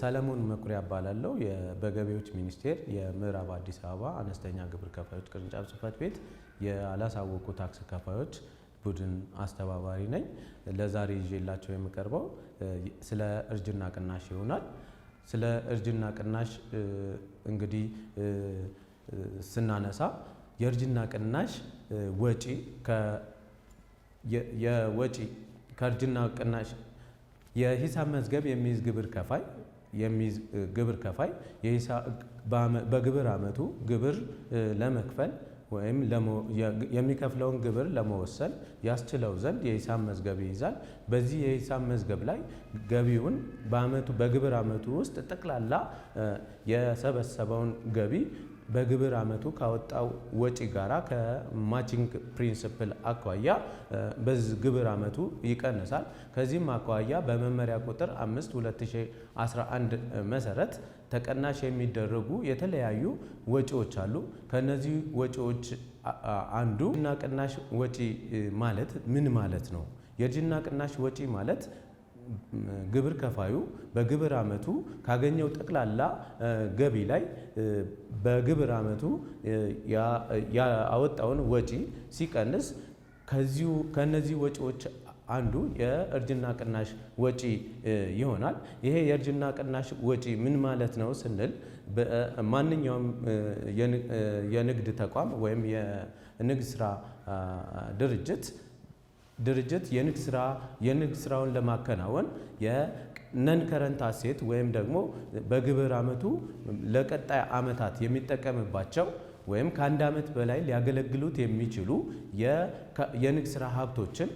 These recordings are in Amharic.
ሰለሞን መኩሪያ እባላለሁ። በገቢዎች ሚኒስቴር የምዕራብ አዲስ አበባ አነስተኛ ግብር ከፋዮች ቅርንጫፍ ጽህፈት ቤት ያላሳወቁ ታክስ ከፋዮች ቡድን አስተባባሪ ነኝ። ለዛሬ ይዤላቸው የምቀርበው ስለ እርጅና ቅናሽ ይሆናል። ስለ እርጅና ቅናሽ እንግዲህ ስናነሳ የእርጅና ቅናሽ ወጪ ከወጪ ከእርጅና ቅናሽ የሂሳብ መዝገብ የሚይዝ ግብር ከፋይ የሚይዝ ግብር ከፋይ በግብር ዓመቱ ግብር ለመክፈል ወይም የሚከፍለውን ግብር ለመወሰን ያስችለው ዘንድ የሂሳብ መዝገብ ይይዛል። በዚህ የሂሳብ መዝገብ ላይ ገቢውን በዓመቱ በግብር ዓመቱ ውስጥ ጠቅላላ የሰበሰበውን ገቢ በግብር ዓመቱ ካወጣው ወጪ ጋራ ከማቺንግ ፕሪንስፕል አኳያ በዚህ ግብር ዓመቱ ይቀንሳል። ከዚህም አኳያ በመመሪያ ቁጥር 5 2011 መሰረት ተቀናሽ የሚደረጉ የተለያዩ ወጪዎች አሉ። ከነዚህ ወጪዎች አንዱ ና ቅናሽ ወጪ ማለት ምን ማለት ነው? የእርጅና ቅናሽ ወጪ ማለት ግብር ከፋዩ በግብር ዓመቱ ካገኘው ጠቅላላ ገቢ ላይ በግብር ዓመቱ ያወጣውን ወጪ ሲቀንስ ከዚሁ ከነዚህ ወጪዎች አንዱ የእርጅና ቅናሽ ወጪ ይሆናል። ይሄ የእርጅና ቅናሽ ወጪ ምን ማለት ነው ስንል ማንኛውም የንግድ ተቋም ወይም የንግድ ስራ ድርጅት ድርጅት የንግድ ስራ የንግድ ስራውን ለማከናወን የነን ከረንት አሴት ወይም ደግሞ በግብር አመቱ ለቀጣይ አመታት የሚጠቀምባቸው ወይም ከአንድ አመት በላይ ሊያገለግሉት የሚችሉ የንግድ ስራ ሀብቶችን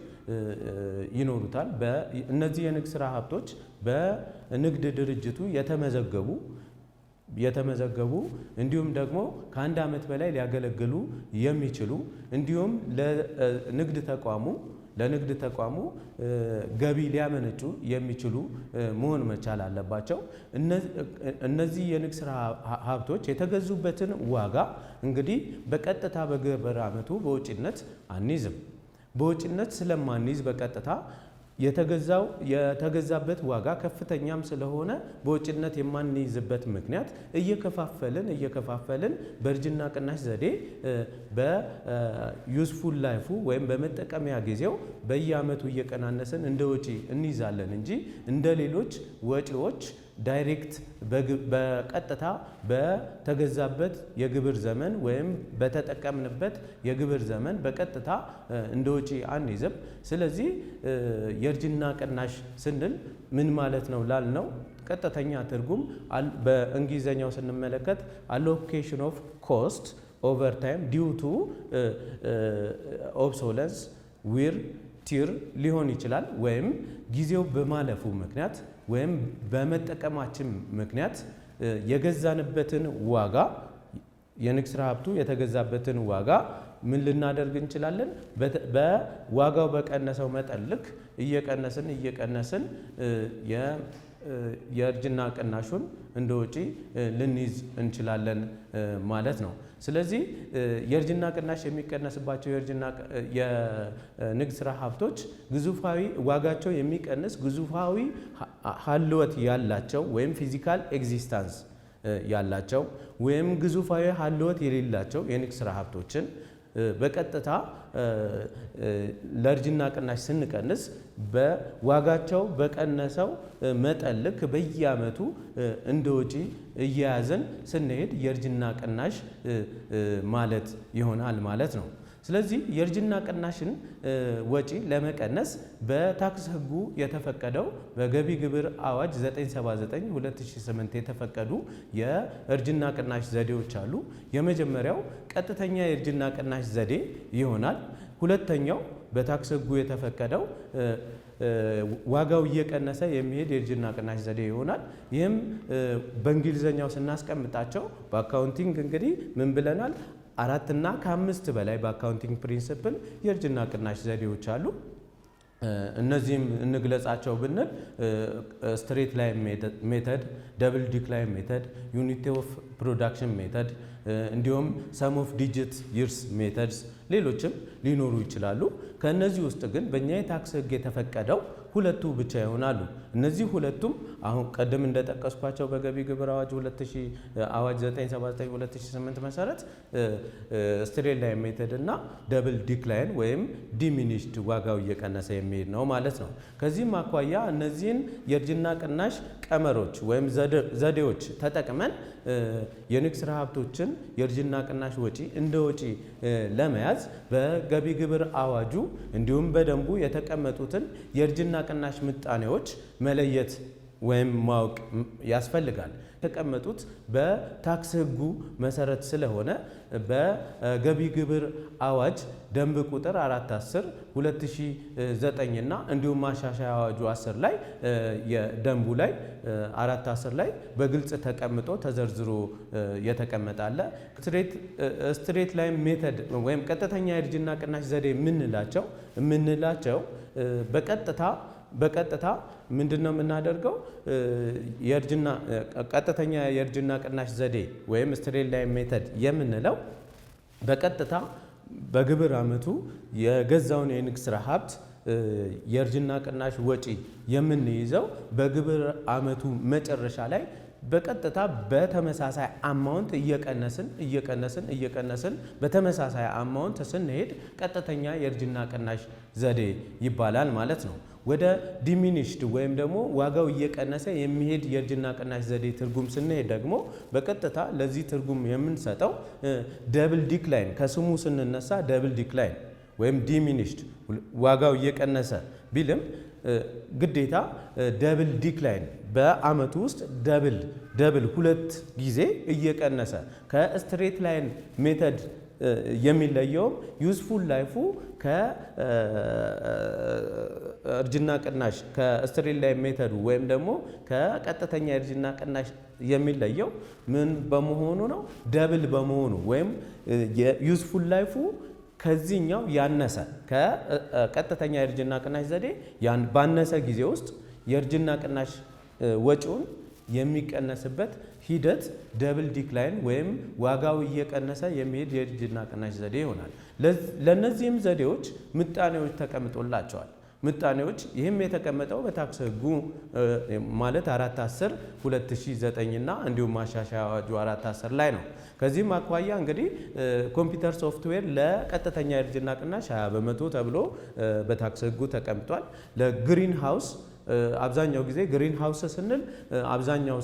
ይኖሩታል። እነዚህ የንግድ ስራ ሀብቶች በንግድ ድርጅቱ የተመዘገቡ የተመዘገቡ እንዲሁም ደግሞ ከአንድ አመት በላይ ሊያገለግሉ የሚችሉ እንዲሁም ለንግድ ተቋሙ ለንግድ ተቋሙ ገቢ ሊያመነጩ የሚችሉ መሆን መቻል አለባቸው። እነዚህ የንግድ ስራ ሀብቶች የተገዙበትን ዋጋ እንግዲህ በቀጥታ በግብር ዓመቱ በውጭነት አንይዝም። በውጭነት ስለማንይዝ በቀጥታ የተገዛው የተገዛበት ዋጋ ከፍተኛም ስለሆነ በውጭነት የማንይዝበት ምክንያት እየከፋፈልን እየከፋፈልን በእርጅና ቅናሽ ዘዴ በዩዝፉል ላይፉ ወይም በመጠቀሚያ ጊዜው በየአመቱ እየቀናነስን እንደ ወጪ እንይዛለን እንጂ እንደ ሌሎች ወጪዎች ዳይሬክት በቀጥታ በተገዛበት የግብር ዘመን ወይም በተጠቀምንበት የግብር ዘመን በቀጥታ እንደ ወጪ አንይዝም። ስለዚህ የእርጅና ቅናሽ ስንል ምን ማለት ነው ላል ነው ቀጥተኛ ትርጉም በእንግሊዝኛው ስንመለከት አሎኬሽን ኦፍ ኮስት ኦቨር ታይም ዲው ቱ ኦብሶለንስ ዊር ቲር ሊሆን ይችላል ወይም ጊዜው በማለፉ ምክንያት ወይም በመጠቀማችን ምክንያት የገዛንበትን ዋጋ የንግድ ስራ ሀብቱ የተገዛበትን ዋጋ ምን ልናደርግ እንችላለን? በዋጋው በቀነሰው መጠን ልክ እየቀነስን እየቀነስን የእርጅና ቅናሹን እንደ ወጪ ልንይዝ እንችላለን ማለት ነው። ስለዚህ የእርጅና ቅናሽ የሚቀነስባቸው የንግድ ስራ ሀብቶች ግዙፋዊ ዋጋቸው የሚቀንስ ግዙፋዊ ሀልወት ያላቸው ወይም ፊዚካል ኤግዚስታንስ ያላቸው ወይም ግዙፋዊ ሀልወት የሌላቸው የንግድ ስራ ሀብቶችን በቀጥታ ለእርጅና ቅናሽ ስንቀንስ በዋጋቸው በቀነሰው መጠን ልክ በየአመቱ እንደ ወጪ እያያዘን ስንሄድ የእርጅና ቅናሽ ማለት ይሆናል ማለት ነው። ስለዚህ የእርጅና ቅናሽን ወጪ ለመቀነስ በታክስ ሕጉ የተፈቀደው በገቢ ግብር አዋጅ 979/2008 የተፈቀዱ የእርጅና ቅናሽ ዘዴዎች አሉ። የመጀመሪያው ቀጥተኛ የእርጅና ቅናሽ ዘዴ ይሆናል። ሁለተኛው በታክስ ሕጉ የተፈቀደው ዋጋው እየቀነሰ የሚሄድ የእርጅና ቅናሽ ዘዴ ይሆናል። ይህም በእንግሊዝኛው ስናስቀምጣቸው በአካውንቲንግ እንግዲህ ምን ብለናል? አራትና ከአምስት በላይ በአካውንቲንግ ፕሪንስፕል የእርጅና ቅናሽ ዘዴዎች አሉ። እነዚህም እንግለጻቸው ብንል ስትሬት ላይን ሜተድ፣ ደብል ዲክላይን ሜተድ፣ ዩኒቲ ኦፍ ፕሮዳክሽን ሜተድ እንዲሁም ሰም ኦፍ ዲጂት ይርስ ሜተድስ ሌሎችም ሊኖሩ ይችላሉ። ከእነዚህ ውስጥ ግን በእኛ የታክስ ሕግ የተፈቀደው ሁለቱ ብቻ ይሆናሉ። እነዚህ ሁለቱም አሁን ቀደም እንደጠቀስኳቸው በገቢ ግብር አዋጅ አዋጅ 979/2008 መሰረት ስትሬት ላይን ሜተድ እና ደብል ዲክላይን ወይም ዲሚኒሽድ ዋጋው እየቀነሰ የሚሄድ ነው ማለት ነው። ከዚህም አኳያ እነዚህን የእርጅና ቅናሽ ቀመሮች ወይም ዘዴዎች ተጠቅመን የንግድ ስራ ሀብቶችን የእርጅና ቅናሽ ወጪ እንደ ወጪ ለመያዝ በገቢ ግብር አዋጁ እንዲሁም በደንቡ የተቀመጡትን የእርጅና ቅናሽ ምጣኔዎች መለየት ወይም ማወቅ ያስፈልጋል። የተቀመጡት በታክስ ህጉ መሰረት ስለሆነ በገቢ ግብር አዋጅ ደንብ ቁጥር 410 2009 እና እንዲሁም ማሻሻያ አዋጁ 10 ላይ የደንቡ ላይ 410 ላይ በግልጽ ተቀምጦ ተዘርዝሮ የተቀመጣለ ስትሬት ላይ ሜተድ ወይም ቀጥተኛ የእርጅና ቅናሽ ዘዴ የምንላቸው የምንላቸው በቀጥታ በቀጥታ ምንድን ነው የምናደርገው? የእርጅና ቀጥተኛ የእርጅና ቅናሽ ዘዴ ወይም ስትሬት ላይን ሜተድ የምንለው በቀጥታ በግብር አመቱ የገዛውን የንግድ ሀብት የእርጅና ቅናሽ ወጪ የምንይዘው በግብር አመቱ መጨረሻ ላይ በቀጥታ በተመሳሳይ አማውንት እየቀነስን እየቀነስን እየቀነስን በተመሳሳይ አማውንት ስንሄድ ቀጥተኛ የእርጅና ቅናሽ ዘዴ ይባላል ማለት ነው። ወደ ዲሚኒሽድ ወይም ደግሞ ዋጋው እየቀነሰ የሚሄድ የእርጅና ቅናሽ ዘዴ ትርጉም ስንሄድ ደግሞ በቀጥታ ለዚህ ትርጉም የምንሰጠው ደብል ዲክላይን ከስሙ ስንነሳ ደብል ዲክላይን ወይም ዲሚኒሽድ ዋጋው እየቀነሰ ቢልም ግዴታ ደብል ዲክላይን በአመቱ ውስጥ ደብል ደብል ሁለት ጊዜ እየቀነሰ ከስትሬት ላይን ሜተድ የሚለየውም ዩዝፉል ላይፉ ከእርጅና ቅናሽ ከስትሬት ላይን ሜተዱ ወይም ደግሞ ከቀጥተኛ የእርጅና ቅናሽ የሚለየው ምን በመሆኑ ነው? ደብል በመሆኑ ወይም ዩዝፉል ላይፉ ከዚህኛው ያነሰ ከቀጥተኛ የእርጅና ቅናሽ ዘዴ ባነሰ ጊዜ ውስጥ የእርጅና ቅናሽ ወጪውን የሚቀነስበት ሂደት ደብል ዲክላይን ወይም ዋጋው እየቀነሰ የሚሄድ የእርጅና ቅናሽ ዘዴ ይሆናል። ለእነዚህም ዘዴዎች ምጣኔዎች ተቀምጦላቸዋል። ምጣኔዎች ይህም የተቀመጠው በታክስ ሕጉ ማለት 410 2009 እና እንዲሁም ማሻሻያ አዋጁ 410 ላይ ነው። ከዚህም አኳያ እንግዲህ ኮምፒውተር ሶፍትዌር ለቀጥተኛ የእርጅና ቅናሽ 20 በመቶ ተብሎ በታክስ ሕጉ ተቀምጧል። ለግሪን ሃውስ አብዛኛው ጊዜ ግሪን ሃውስ ስንል አብዛኛው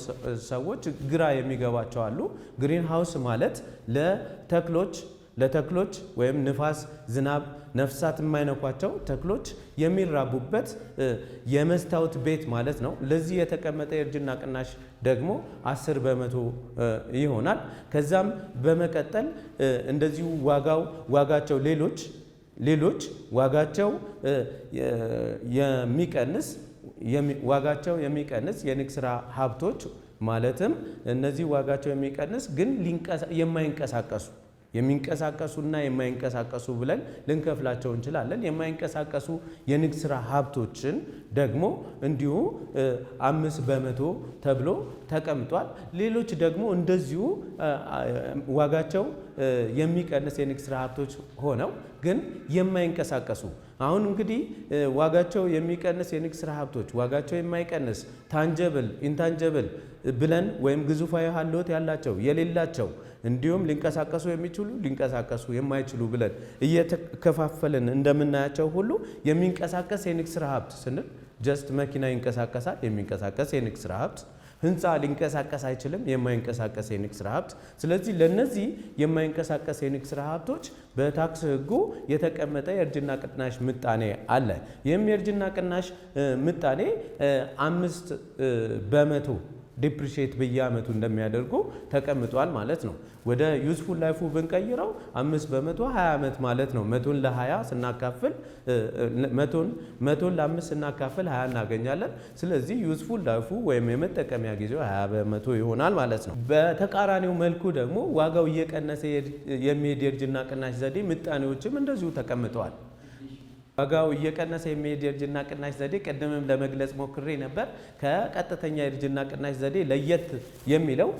ሰዎች ግራ የሚገባቸው አሉ። ግሪን ሃውስ ማለት ለተክሎች ለተክሎች ወይም ንፋስ፣ ዝናብ፣ ነፍሳት የማይነኳቸው ተክሎች የሚራቡበት የመስታወት ቤት ማለት ነው። ለዚህ የተቀመጠ የእርጅና ቅናሽ ደግሞ 10 በመቶ ይሆናል። ከዛም በመቀጠል እንደዚሁ ዋጋው ዋጋቸው ሌሎች ሌሎች ዋጋቸው የሚቀንስ ዋጋቸው የሚቀንስ የንግድ ስራ ሀብቶች ማለትም እነዚህ ዋጋቸው የሚቀንስ ግን የማይንቀሳቀሱ የሚንቀሳቀሱና የማይንቀሳቀሱ ብለን ልንከፍላቸው እንችላለን። የማይንቀሳቀሱ የንግድ ስራ ሀብቶችን ደግሞ እንዲሁ አምስት በመቶ ተብሎ ተቀምጧል። ሌሎች ደግሞ እንደዚሁ ዋጋቸው የሚቀንስ የንግድ ስራ ሀብቶች ሆነው ግን የማይንቀሳቀሱ አሁን እንግዲህ ዋጋቸው የሚቀንስ የንግድ ስራ ሀብቶች ዋጋቸው የማይቀንስ ታንጀብል ኢንታንጀብል ብለን ወይም ግዙፋዊ ሀልወት ያላቸው የሌላቸው እንዲሁም ሊንቀሳቀሱ የሚችሉ ሊንቀሳቀሱ የማይችሉ ብለን እየተከፋፈልን እንደምናያቸው ሁሉ የሚንቀሳቀስ የንግድ ሀብት ስንል ጀስት መኪና ይንቀሳቀሳል፣ የሚንቀሳቀስ የንግድ ሀብት ህንፃ ሊንቀሳቀስ አይችልም፣ የማይንቀሳቀስ የንግድ ሀብት። ስለዚህ ለነዚህ የማይንቀሳቀስ የንግድ ስራ ሀብቶች በታክስ ህጉ የተቀመጠ የእርጅና ቅናሽ ምጣኔ አለ። ይህም የእርጅና ቅናሽ ምጣኔ አምስት በመቶ ዲፕሪሼት በየአመቱ እንደሚያደርጉ ተቀምጧል ማለት ነው። ወደ ዩዝፉል ላይፉ ብንቀይረው አምስት በመቶ 20 ዓመት ማለት ነው። መቶን ለ20 ስናካፍል መቶን ለአምስት ስናካፍል 20 እናገኛለን። ስለዚህ ዩዝፉል ላይፉ ወይም የመጠቀሚያ ጊዜው 20 በመቶ ይሆናል ማለት ነው። በተቃራኒው መልኩ ደግሞ ዋጋው እየቀነሰ የሚሄድ የእርጅና ቅናሽ ዘዴ ምጣኔዎችም እንደዚሁ ተቀምጠዋል። ዋጋው እየቀነሰ የሚሄድ የእርጅና ቅናሽ ዘዴ ቅድምም ለመግለጽ ሞክሬ ነበር። ከቀጥተኛ የእርጅና ቅናሽ ዘዴ ለየት የሚለው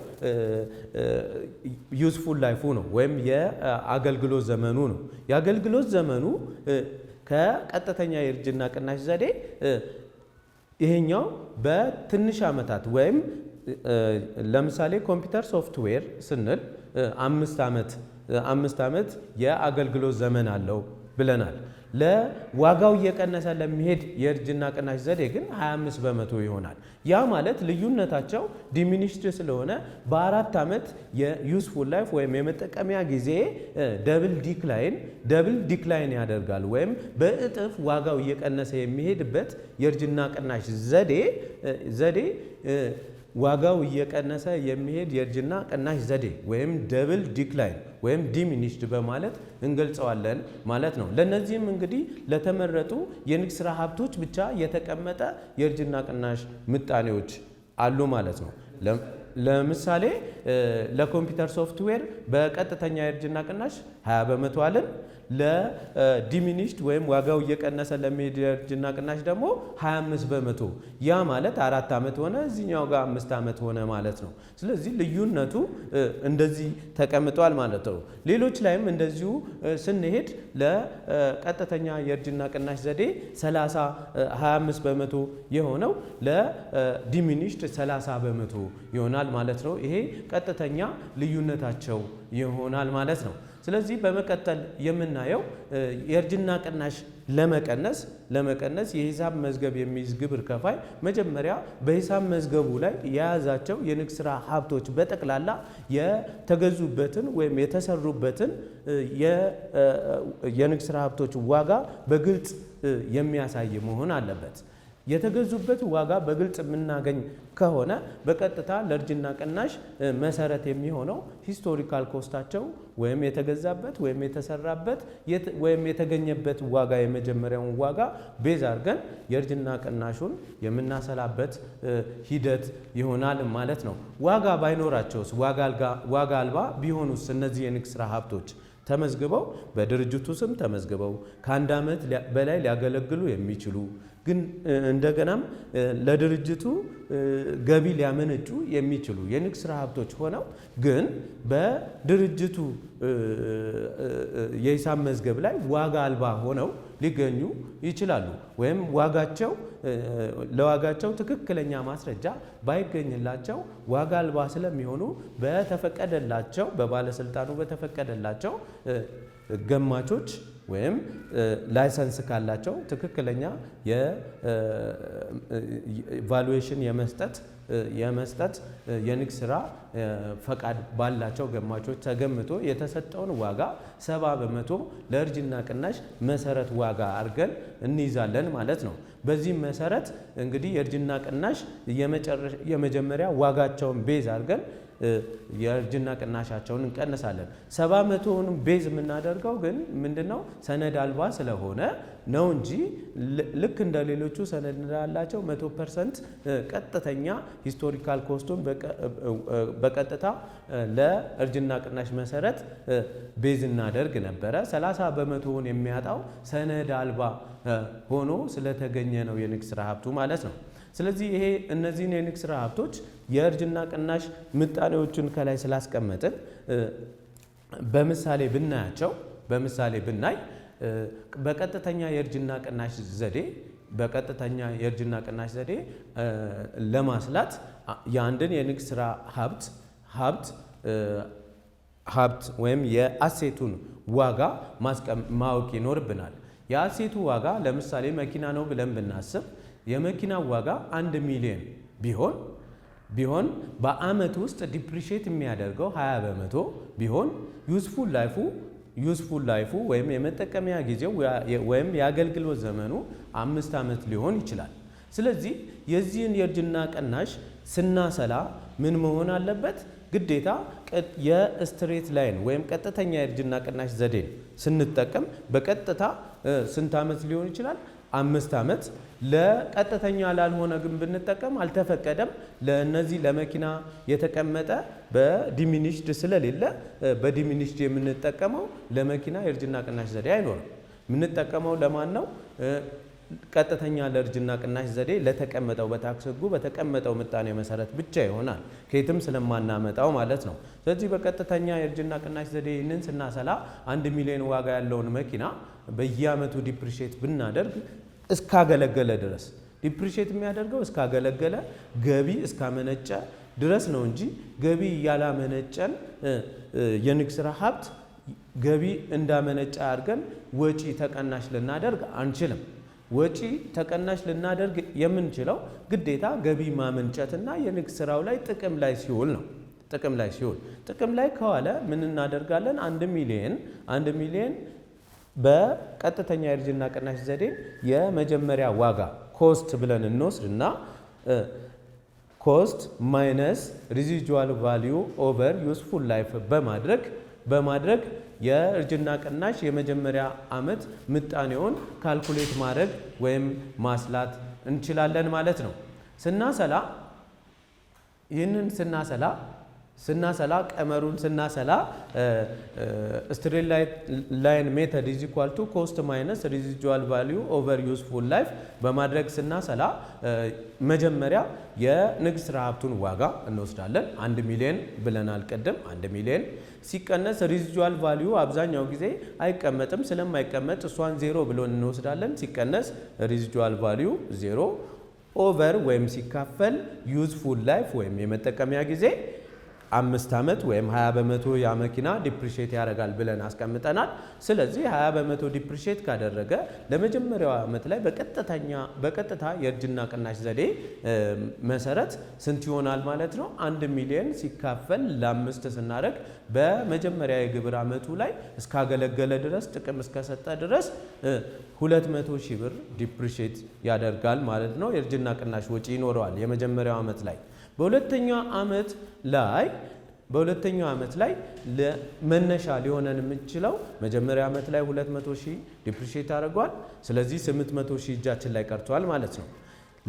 ዩዝፉል ላይፉ ነው ወይም የአገልግሎት ዘመኑ ነው። የአገልግሎት ዘመኑ ከቀጥተኛ የእርጅና ቅናሽ ዘዴ ይሄኛው በትንሽ ዓመታት ወይም ለምሳሌ ኮምፒውተር ሶፍትዌር ስንል አምስት ዓመት አምስት ዓመት የአገልግሎት ዘመን አለው ብለናል። ለዋጋው እየቀነሰ ለሚሄድ የእርጅና ቅናሽ ዘዴ ግን 25 በመቶ ይሆናል። ያ ማለት ልዩነታቸው ዲሚኒሽድ ስለሆነ በአራት ዓመት የዩስፉል ላይፍ ወይም የመጠቀሚያ ጊዜ ደብል ዲክላይን ደብል ዲክላይን ያደርጋል ወይም በእጥፍ ዋጋው እየቀነሰ የሚሄድበት የእርጅና ቅናሽ ዘዴ ዘዴ ዋጋው እየቀነሰ የሚሄድ የእርጅና ቅናሽ ዘዴ ወይም ደብል ዲክላይን ወይም ዲሚኒሽድ በማለት እንገልጸዋለን ማለት ነው። ለእነዚህም እንግዲህ ለተመረጡ የንግድ ስራ ሀብቶች ብቻ የተቀመጠ የእርጅና ቅናሽ ምጣኔዎች አሉ ማለት ነው። ለምሳሌ ለኮምፒውተር ሶፍትዌር በቀጥተኛ የእርጅና ቅናሽ 20 በመቶ አለን። ለዲሚኒሽድ ወይም ዋጋው እየቀነሰ ለሚሄድ እርጅና ቅናሽ ደግሞ 25 በመቶ ያ ማለት አራት ዓመት ሆነ እዚኛው ጋር አምስት ዓመት ሆነ ማለት ነው። ስለዚህ ልዩነቱ እንደዚህ ተቀምጧል ማለት ነው። ሌሎች ላይም እንደዚሁ ስንሄድ ለቀጥተኛ የእርጅና ቅናሽ ዘዴ 30 25 በመቶ የሆነው ለዲሚኒሽድ 30 በመቶ ይሆናል ማለት ነው። ይሄ ቀጥተኛ ልዩነታቸው ይሆናል ማለት ነው። ስለዚህ በመቀጠል የምናየው የእርጅና ቅናሽ ለመቀነስ ለመቀነስ የሂሳብ መዝገብ የሚይዝ ግብር ከፋይ መጀመሪያ በሂሳብ መዝገቡ ላይ የያዛቸው የንግድ ስራ ሀብቶች በጠቅላላ የተገዙበትን ወይም የተሰሩበትን የንግድ ስራ ሀብቶች ዋጋ በግልጽ የሚያሳይ መሆን አለበት። የተገዙበት ዋጋ በግልጽ የምናገኝ ከሆነ በቀጥታ ለእርጅና ቅናሽ መሰረት የሚሆነው ሂስቶሪካል ኮስታቸው ወይም የተገዛበት ወይም የተሰራበት ወይም የተገኘበት ዋጋ የመጀመሪያውን ዋጋ ቤዝ አድርገን የእርጅና ቅናሹን የምናሰላበት ሂደት ይሆናል ማለት ነው። ዋጋ ባይኖራቸውስ ዋጋ አልባ ቢሆኑስ እነዚህ የንግድ ስራ ሀብቶች ተመዝግበው በድርጅቱ ስም ተመዝግበው ከአንድ ዓመት በላይ ሊያገለግሉ የሚችሉ ግን እንደገናም ለድርጅቱ ገቢ ሊያመነጩ የሚችሉ የንግድ ስራ ሀብቶች ሆነው ግን በድርጅቱ የሂሳብ መዝገብ ላይ ዋጋ አልባ ሆነው ሊገኙ ይችላሉ ወይም ዋጋቸው ለዋጋቸው ትክክለኛ ማስረጃ ባይገኝላቸው ዋጋ አልባ ስለሚሆኑ በተፈቀደላቸው በባለስልጣኑ በተፈቀደላቸው ገማቾች ወይም ላይሰንስ ካላቸው ትክክለኛ የቫሉዌሽን የመስጠት የመስጠት የንግድ ስራ ፈቃድ ባላቸው ገማቾች ተገምቶ የተሰጠውን ዋጋ ሰባ በመቶ ለእርጅና ቅናሽ መሰረት ዋጋ አድርገን እንይዛለን ማለት ነው። በዚህም መሰረት እንግዲህ የእርጅና ቅናሽ የመጀመሪያ ዋጋቸውን ቤዝ አድርገን የእርጅና ቅናሻቸውን እንቀንሳለን። ሰባ መቶውንም ቤዝ የምናደርገው ግን ምንድነው ሰነድ አልባ ስለሆነ ነው እንጂ ልክ እንደ ሌሎቹ ሰነድ እንዳላቸው መቶ ፐርሰንት ቀጥተኛ ሂስቶሪካል ኮስቱን በቀጥታ ለእርጅና ቅናሽ መሰረት ቤዝ እናደርግ ነበረ። 30 በመቶውን የሚያጣው ሰነድ አልባ ሆኖ ስለተገኘ ነው የንግድ ስራ ሀብቱ ማለት ነው። ስለዚህ ይሄ እነዚህን የንግድ ስራ ሀብቶች የእርጅና ቅናሽ ምጣኔዎቹን ከላይ ስላስቀመጥን በምሳሌ ብናያቸው በምሳሌ ብናይ በቀጥተኛ የእርጅና ቅናሽ ዘዴ በቀጥተኛ የእርጅና ቅናሽ ዘዴ ለማስላት የአንድን የንግድ ስራ ሀብት ሀብት ሀብት ወይም የአሴቱን ዋጋ ማወቅ ይኖርብናል። የአሴቱ ዋጋ ለምሳሌ መኪና ነው ብለን ብናስብ የመኪና ዋጋ አንድ ሚሊዮን ቢሆን ቢሆን በአመት ውስጥ ዲፕሪሼት የሚያደርገው 20 በመቶ ቢሆን ዩዝፉል ላይፉ ዩዝፉል ላይፉ ወይም የመጠቀሚያ ጊዜው ወይም የአገልግሎት ዘመኑ አምስት ዓመት ሊሆን ይችላል። ስለዚህ የዚህን የእርጅና ቅናሽ ስናሰላ ምን መሆን አለበት? ግዴታ የስትሬት ላይን ወይም ቀጥተኛ የእርጅና ቅናሽ ዘዴን ስንጠቀም በቀጥታ ስንት ዓመት ሊሆን ይችላል? አምስት ዓመት ለቀጥተኛ ላልሆነ ግን ብንጠቀም አልተፈቀደም። ለእነዚህ ለመኪና የተቀመጠ በዲሚኒሽድ ስለሌለ በዲሚኒሽድ የምንጠቀመው ለመኪና የእርጅና ቅናሽ ዘዴ አይኖርም። የምንጠቀመው ለማን ነው? ቀጥተኛ ለእርጅና ቅናሽ ዘዴ ለተቀመጠው በታክስ በተቀመጠው ምጣኔ መሰረት ብቻ ይሆናል፣ ከየትም ስለማናመጣው ማለት ነው። ስለዚህ በቀጥተኛ የእርጅና ቅናሽ ዘዴ ይህንን ስናሰላ አንድ ሚሊዮን ዋጋ ያለውን መኪና በየአመቱ ዲፕሪሽት ብናደርግ እስካገለገለ ድረስ ዲፕሪሽት የሚያደርገው እስካገለገለ ገቢ እስካመነጨ ድረስ ነው እንጂ ገቢ ያላመነጨን የንግድ ስራ ሀብት ገቢ እንዳመነጨ አድርገን ወጪ ተቀናሽ ልናደርግ አንችልም። ወጪ ተቀናሽ ልናደርግ የምንችለው ግዴታ ገቢ ማመንጨትና የንግድ ስራው ላይ ጥቅም ላይ ሲውል ነው። ጥቅም ላይ ሲውል ጥቅም ላይ ከዋለ ምን እናደርጋለን? አንድ ሚሊየን አንድ ሚሊየን በቀጥተኛ የእርጅና ቅናሽ ዘዴ የመጀመሪያ ዋጋ ኮስት ብለን እና ኮስት ማይነስ ሪዚጁዋል ቫሊዩ ኦቨር ዩስፉል ላይፍ በማድረግ በማድረግ የእርጅና ቅናሽ የመጀመሪያ ዓመት ምጣኔውን ካልኩሌት ማድረግ ወይም ማስላት እንችላለን ማለት ነው። ስናሰላ ይህንን ስናሰላ ስናሰላ ቀመሩን ስናሰላ ስትሬት ላይን ሜተድ ኢዝ ኢኳል ቱ ኮስት ማይነስ ሪዚዋል ቫሊዩ ኦቨር ዩስፉል ላይፍ በማድረግ ስናሰላ መጀመሪያ የንግድ ስራ ሀብቱን ዋጋ እንወስዳለን። አንድ ሚሊዮን ብለናል ቅድም። አንድ ሚሊዮን ሲቀነስ ሪዚጁዋል ቫሊዩ አብዛኛው ጊዜ አይቀመጥም። ስለማይቀመጥ እሷን ዜሮ ብሎን እንወስዳለን። ሲቀነስ ሪዚጁዋል ቫሊዩ ዜሮ ኦቨር ወይም ሲካፈል ዩዝፉል ላይፍ ወይም የመጠቀሚያ ጊዜ አምስት ዓመት ወይም 20 በመቶ ያ መኪና ዲፕሪሽት ያደርጋል ብለን አስቀምጠናል። ስለዚህ 20 በመቶ ዲፕሪሽት ካደረገ ለመጀመሪያው ዓመት ላይ በቀጥተኛ በቀጥታ የእርጅና ቅናሽ ዘዴ መሰረት ስንት ይሆናል ማለት ነው? አንድ ሚሊዮን ሲካፈል ለአምስት ስናደርግ በመጀመሪያ የግብር ዓመቱ ላይ እስካገለገለ ድረስ ጥቅም እስከሰጠ ድረስ 200 ሺህ ብር ዲፕሪሽት ያደርጋል ማለት ነው። የእርጅና ቅናሽ ወጪ ይኖረዋል የመጀመሪያው ዓመት ላይ በሁለተኛው ዓመት ላይ በሁለተኛው ዓመት ላይ መነሻ ሊሆነን የምንችለው መጀመሪያ ዓመት ላይ 200 ሺህ ዲፕሪሽት አድርጓል። ስለዚህ 800 ሺህ እጃችን ላይ ቀርቷል ማለት ነው።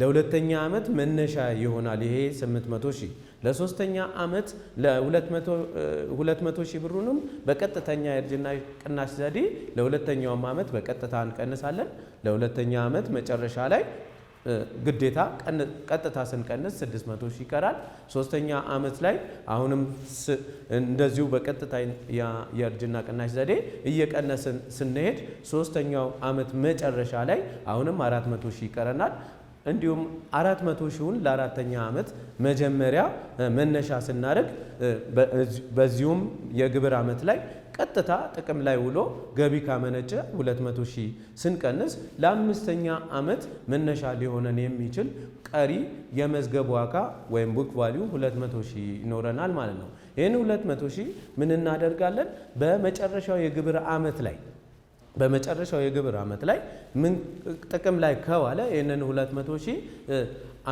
ለሁለተኛ ዓመት መነሻ ይሆናል ይሄ 800 ሺህ። ለሶስተኛ ዓመት ለ200 ሺህ ብሩንም በቀጥተኛ የእርጅና ቅናሽ ዘዴ ለሁለተኛውም ዓመት በቀጥታ እንቀንሳለን። ለሁለተኛ ዓመት መጨረሻ ላይ ግዴታ ቀጥታ ስንቀንስ 600 ሺህ ይቀራል። ሶስተኛ ዓመት ላይ አሁንም እንደዚሁ በቀጥታ የእርጅና ቅናሽ ዘዴ እየቀነስን ስንሄድ ሶስተኛው ዓመት መጨረሻ ላይ አሁንም 400 ሺህ ይቀረናል። እንዲሁም 400 ሺውን ለአራተኛ ዓመት መጀመሪያ መነሻ ስናደርግ በዚሁም የግብር ዓመት ላይ ቀጥታ ጥቅም ላይ ውሎ ገቢ ካመነጨ 200 ሺህ ስንቀንስ ለአምስተኛ ዓመት መነሻ ሊሆነን የሚችል ቀሪ የመዝገብ ዋጋ ወይም ቡክ ቫሊዩ 200 ሺህ ይኖረናል ማለት ነው። ይህን 200 ሺህ ምን እናደርጋለን? በመጨረሻው የግብር ዓመት ላይ በመጨረሻው የግብር ዓመት ላይ ምን ጥቅም ላይ ከዋለ ይህንን 200 ሺህ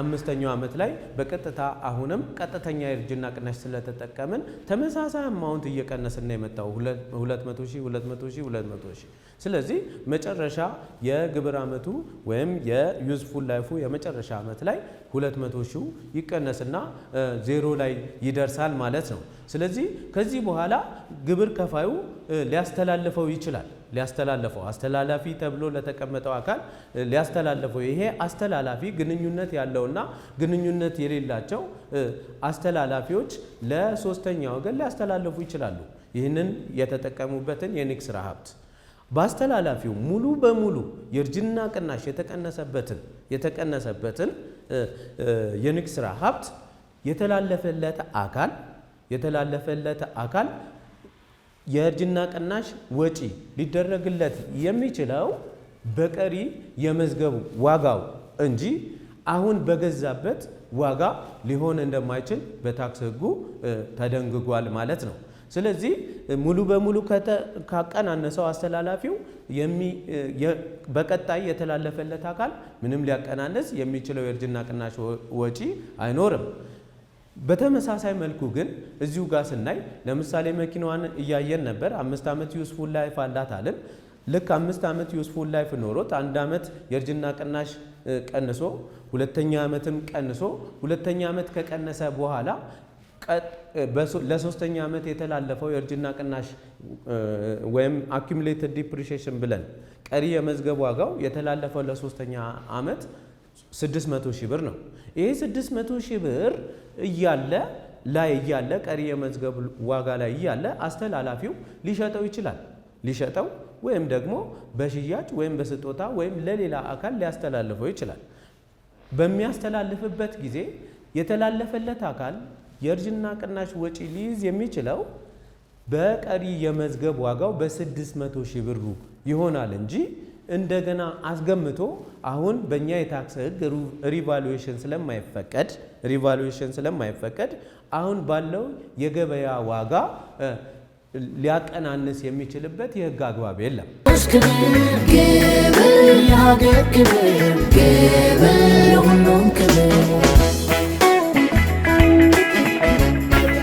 አምስተኛው ዓመት ላይ በቀጥታ አሁንም ቀጥተኛ የእርጅና ቅናሽ ስለተጠቀምን ተመሳሳይ አማውንት እየቀነስና የመጣው 200 ስለዚህ መጨረሻ የግብር ዓመቱ ወይም የዩዝፉል ላይፉ የመጨረሻ ዓመት ላይ 200 ሺህ ይቀነስና ዜሮ ላይ ይደርሳል ማለት ነው። ስለዚህ ከዚህ በኋላ ግብር ከፋዩ ሊያስተላልፈው ይችላል። ሊያስተላለፈው አስተላላፊ ተብሎ ለተቀመጠው አካል ሊያስተላልፈው። ይሄ አስተላላፊ ግንኙነት ያለውና ግንኙነት የሌላቸው አስተላላፊዎች ለሶስተኛ ወገን ሊያስተላልፉ ይችላሉ። ይህንን የተጠቀሙበትን ስራ ሀብት በአስተላላፊው ሙሉ በሙሉ የእርጅና ቅናሽ የተቀነሰበትን የተቀነሰበትን ስራ ሀብት የተላለፈለት አካል የተላለፈለት አካል የእርጅና ቅናሽ ወጪ ሊደረግለት የሚችለው በቀሪ የመዝገቡ ዋጋው እንጂ አሁን በገዛበት ዋጋ ሊሆን እንደማይችል በታክስ ሕጉ ተደንግጓል ማለት ነው። ስለዚህ ሙሉ በሙሉ ካቀናነሰው አስተላላፊው በቀጣይ የተላለፈለት አካል ምንም ሊያቀናንስ የሚችለው የእርጅና ቅናሽ ወጪ አይኖርም። በተመሳሳይ መልኩ ግን እዚሁ ጋር ስናይ ለምሳሌ መኪናዋን እያየን ነበር። አምስት ዓመት ዩስፉል ላይፍ አላት አለን። ልክ አምስት ዓመት ዩስፉል ላይፍ ኖሮት አንድ ዓመት የእርጅና ቅናሽ ቀንሶ ሁለተኛ ዓመትም ቀንሶ ሁለተኛ ዓመት ከቀነሰ በኋላ ለሶስተኛ ዓመት የተላለፈው የእርጅና ቅናሽ ወይም አኪሙሌትድ ዲፕሪሺየሽን ብለን ቀሪ የመዝገብ ዋጋው የተላለፈው ለሶስተኛ ዓመት 600 ሺህ ብር ነው። ይሄ 600 ሺህ ብር እያለ ላይ እያለ ቀሪ የመዝገብ ዋጋ ላይ እያለ አስተላላፊው ሊሸጠው ይችላል። ሊሸጠው ወይም ደግሞ በሽያጭ ወይም በስጦታ ወይም ለሌላ አካል ሊያስተላልፈው ይችላል። በሚያስተላልፍበት ጊዜ የተላለፈለት አካል የእርጅና ቅናሽ ወጪ ሊይዝ የሚችለው በቀሪ የመዝገብ ዋጋው በ600 ሺህ ብሩ ይሆናል እንጂ እንደገና አስገምቶ አሁን በእኛ የታክስ ህግ ሪቫሉዌሽን ስለማይፈቀድ ሪቫሉዌሽን ስለማይፈቀድ አሁን ባለው የገበያ ዋጋ ሊያቀናንስ የሚችልበት የህግ አግባብ የለም። ግብር ግብር ክብር